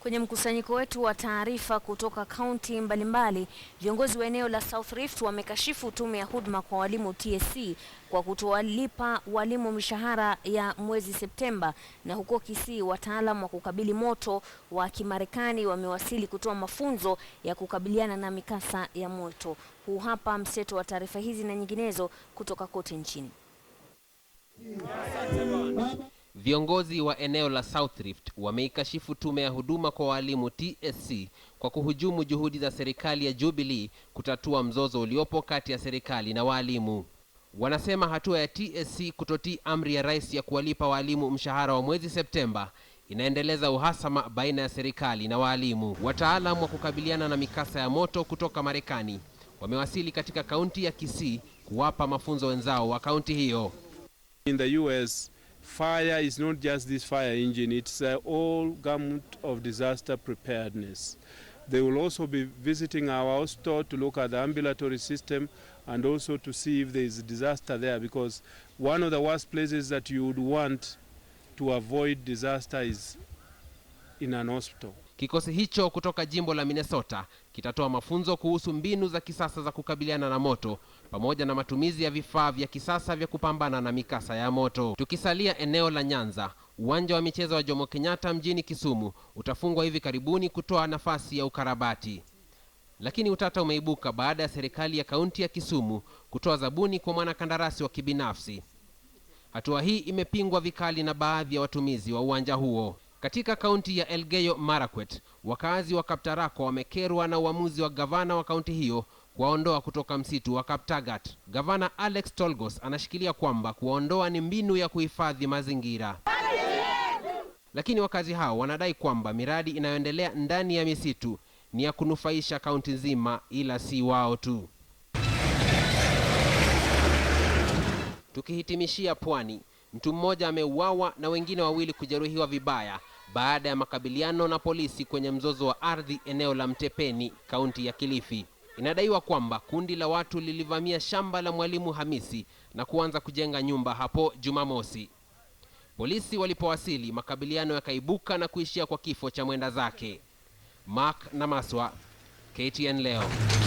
Kwenye mkusanyiko wetu wa taarifa kutoka kaunti mbalimbali, viongozi wa eneo la South Rift wamekashifu tume ya huduma kwa walimu TSC kwa kutowalipa walimu mishahara ya mwezi Septemba. Na huko Kisii, wataalamu wa kukabili moto wa Kimarekani wamewasili kutoa mafunzo ya kukabiliana na mikasa ya moto. Huu hapa mseto wa taarifa hizi na nyinginezo kutoka kote nchini. Viongozi wa eneo la South Rift wameikashifu tume ya huduma kwa walimu TSC kwa kuhujumu juhudi za serikali ya Jubilee kutatua mzozo uliopo kati ya serikali na walimu. Wanasema hatua ya TSC kutotii amri ya rais ya kuwalipa walimu mshahara wa mwezi Septemba inaendeleza uhasama baina ya serikali na walimu. Wataalamu wa kukabiliana na mikasa ya moto kutoka Marekani wamewasili katika kaunti ya Kisii kuwapa mafunzo wenzao wa kaunti hiyo. In the US Fire is not just this fire engine, it's uh, all gamut of disaster preparedness. They will also be visiting our store to look at the ambulatory system and also to see if there is disaster there because one of the worst places that you would want to avoid disaster is in an hospital. Kikosi hicho kutoka jimbo la Minnesota kitatoa mafunzo kuhusu mbinu za kisasa za kukabiliana na moto pamoja na matumizi ya vifaa vya kisasa vya kupambana na mikasa ya moto. Tukisalia eneo la Nyanza, uwanja wa michezo wa Jomo Kenyatta mjini Kisumu utafungwa hivi karibuni kutoa nafasi ya ukarabati. Lakini utata umeibuka baada ya serikali ya kaunti ya Kisumu kutoa zabuni kwa mwanakandarasi wa kibinafsi. Hatua hii imepingwa vikali na baadhi ya watumizi wa uwanja huo. Katika kaunti ya Elgeyo Marakwet, wakazi wa kaptarako wamekerwa na uamuzi wa gavana wa kaunti hiyo kuwaondoa kutoka msitu wa Kaptagat. Gavana Alex Tolgos anashikilia kwamba kuwaondoa ni mbinu ya kuhifadhi mazingira, lakini wakazi hao wanadai kwamba miradi inayoendelea ndani ya misitu ni ya kunufaisha kaunti nzima, ila si wao tu. Tukihitimishia pwani Mtu mmoja ameuawa na wengine wawili kujeruhiwa vibaya baada ya makabiliano na polisi kwenye mzozo wa ardhi eneo la Mtepeni, kaunti ya Kilifi. Inadaiwa kwamba kundi la watu lilivamia shamba la Mwalimu Hamisi na kuanza kujenga nyumba hapo Jumamosi. Polisi walipowasili, makabiliano yakaibuka na kuishia kwa kifo cha mwenda zake. Mark Namaswa, KTN leo.